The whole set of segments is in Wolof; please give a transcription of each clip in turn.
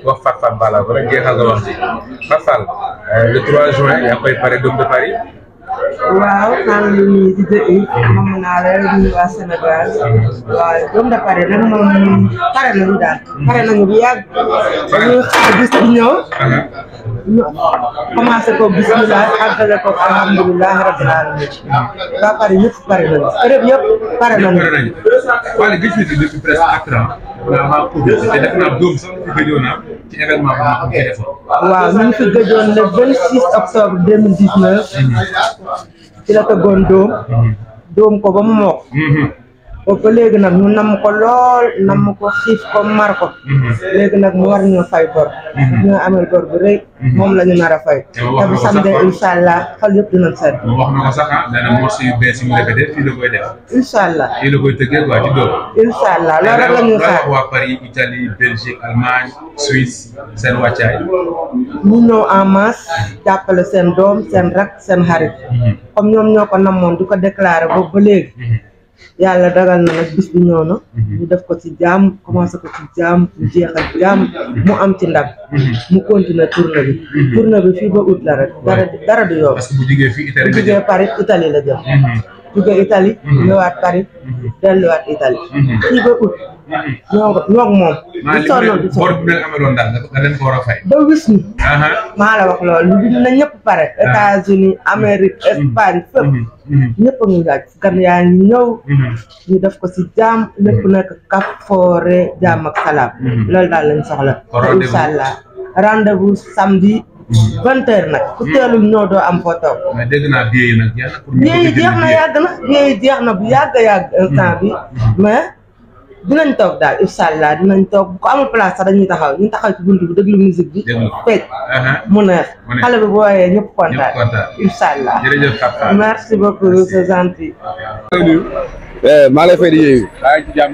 wax Fat Fall Balla wala wax ci Fat euh, de Paris. moom naa la nuyu waa Sénégal waaw Dôme de nag moom pare nañu daal pare nañu bu yàgg. Uh-huh. ñu ko bisimilah àggale ko alhamdulilah rabbil alamin waa pare ñëpp pare nañu. pare pare nañu. gis nañu depuis presque waaw waaw te fi gëjoon naa ci événement bu ma ko defoon. waaw ci la ko goon dóom. Mhm. dóom ko ba mu mokk. Mhm. boobu léegi nag ñu nam ko lool nam ko xiif ko mar ko mhm. léegi nag mu war ñu fay bor mhm. ñu amel bor bu rëy mhm. moom lañu ñu nar a fay te bu samedi incha allah yëpp dinañ seet wax na ko sax ah nee na morceau loolu rek la ñuy waa Paris Italie Belgique Allemagne Suisse seen wàccaay ñu ñëw en masse jàppale seen doom seen rak seen xarit comme ñoom ñoo ko namoon di ko déclaré boobu léegi yàlla dagal na nag bis bi ñëw na ñu def ko ci jaam commencé ko ci jaam mu jeexal jaam mu am ci ndam mhm. mu continuer tourne bi mhm. tourne bi fii ba août la rek dara du yoon parce que bu jugee fii Italie bu jugee Paris Italie la jëm mhm. jugee Italie ñëwaat Paris fii ba août ñoo moom. maa li mu ne a ba wis ni. maa la wax loolu lu dund na ñëpp. pare ah. États-Unis mm-hmm. Amérique mm-hmm. Espagne fépp mm-hmm. ñëpp a ngi yaa ngi ñëw ñu def ko si jaam ñëpp nekk kaf foore jaam ak salaam loolu daal lañ soxla incha allah rendez nag ku teelul ñoo doo am foo toog mais na jeex na yàgg na bu yàgg a instant bi mais dinañ toog daal incha allah dinañ toog bu ko amul place dañuy taxaw ñu taxaw ci buntu bu déglu musique bi. Uh-huh. mu neex. xale bi ñëpp kontaan. incha allah di yéegu. maa ngi eh,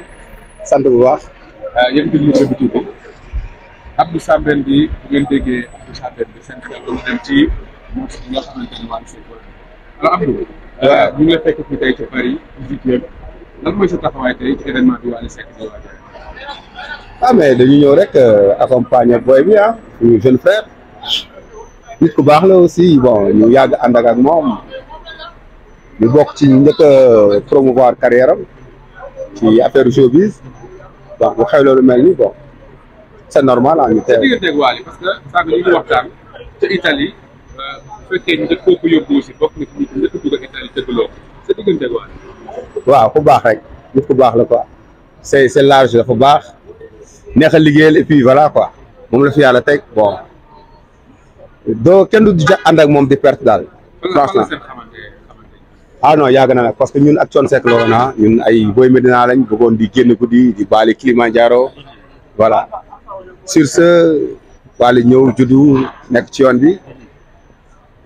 sant bu baax. Eh, bi ñu bu ngeen déggee Abdou bi seen xel eh, ñu ngi la fekk fii tey ca Paris 18e. lan mooy sa taxawaay tey ci événement bi Wally ah, ñëw rek euh, accompagner boy bi ah suñu jeune frère nit ku baax la aussi bon ñu yàgg ànd ak ak moom ñu bokk ci njëkk a euh, promouvoir carrière am ci affaire showbiz bon bu xew loolu mel ni bon c'est normal ah ñu parce que sànq ñu ngi waxtaan euh, ci nit ñi njëkk waaw ku baax rek nit ku baax la quoi c'est c'est large dafa baax neexa a liggéeyal et moom la fi yàlla teg bon doo kenn du ja ànd ak moom di perte daal franchement ah non yàgg na nag parce que ñun ak Thione Seck la ah. ñun ay Boy Médina lañ bëggoon di génn guddi di baali Kilimanjaro voilà sur ce baali ñëw juddu nekk ci yoon bi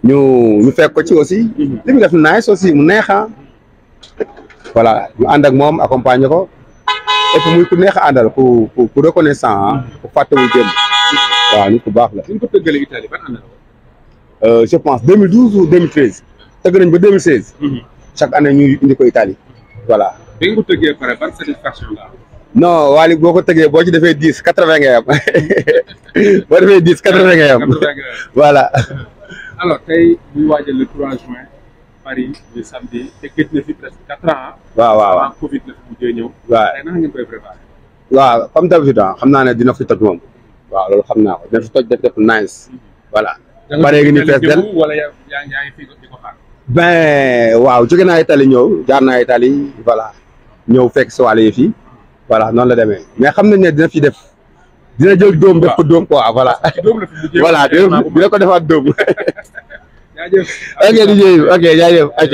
ñu ñu fekk ci aussi li mu def nice aussi mu neex ah. voilà ñu àndak moom accompagner ko et muy ku neex a àndal ku ku ku reconnaissant ah ku fàttewu jëm waaw nit baax la. ñu ko tëggalee Italie ban euh, je pense 2012 ou 2013 tëgg nañ ba 2016. Mhm. chaque année ñu indi ko Italie voilà. bi ko tëggee pare ban satisfaction la non Wally boo ko tëggee boo ci defee dix quatre vingt ngay am boo defee dix quatre vingt ngay am voilà. alors tey bu ñu Paris bi samedi te gëj na fi presque quatre ans. waaw waaw waaw tey nan ngeen koy ah, xam naa ne dina fi toj moom. waaw loolu xam naa ko dina fi toj def def nice. Mhm. voilà paree ngi fi di waaw jóge naa Italie ñëw jaar naa voilà ñëw fekk si wàll yi fii voilà noonu la demee mais xam nañ ne dina fi def. dina jël dóom def ko dóom quoi voilà. voilà dina ko defaat dóom. ok di jëf ok jaajëf ok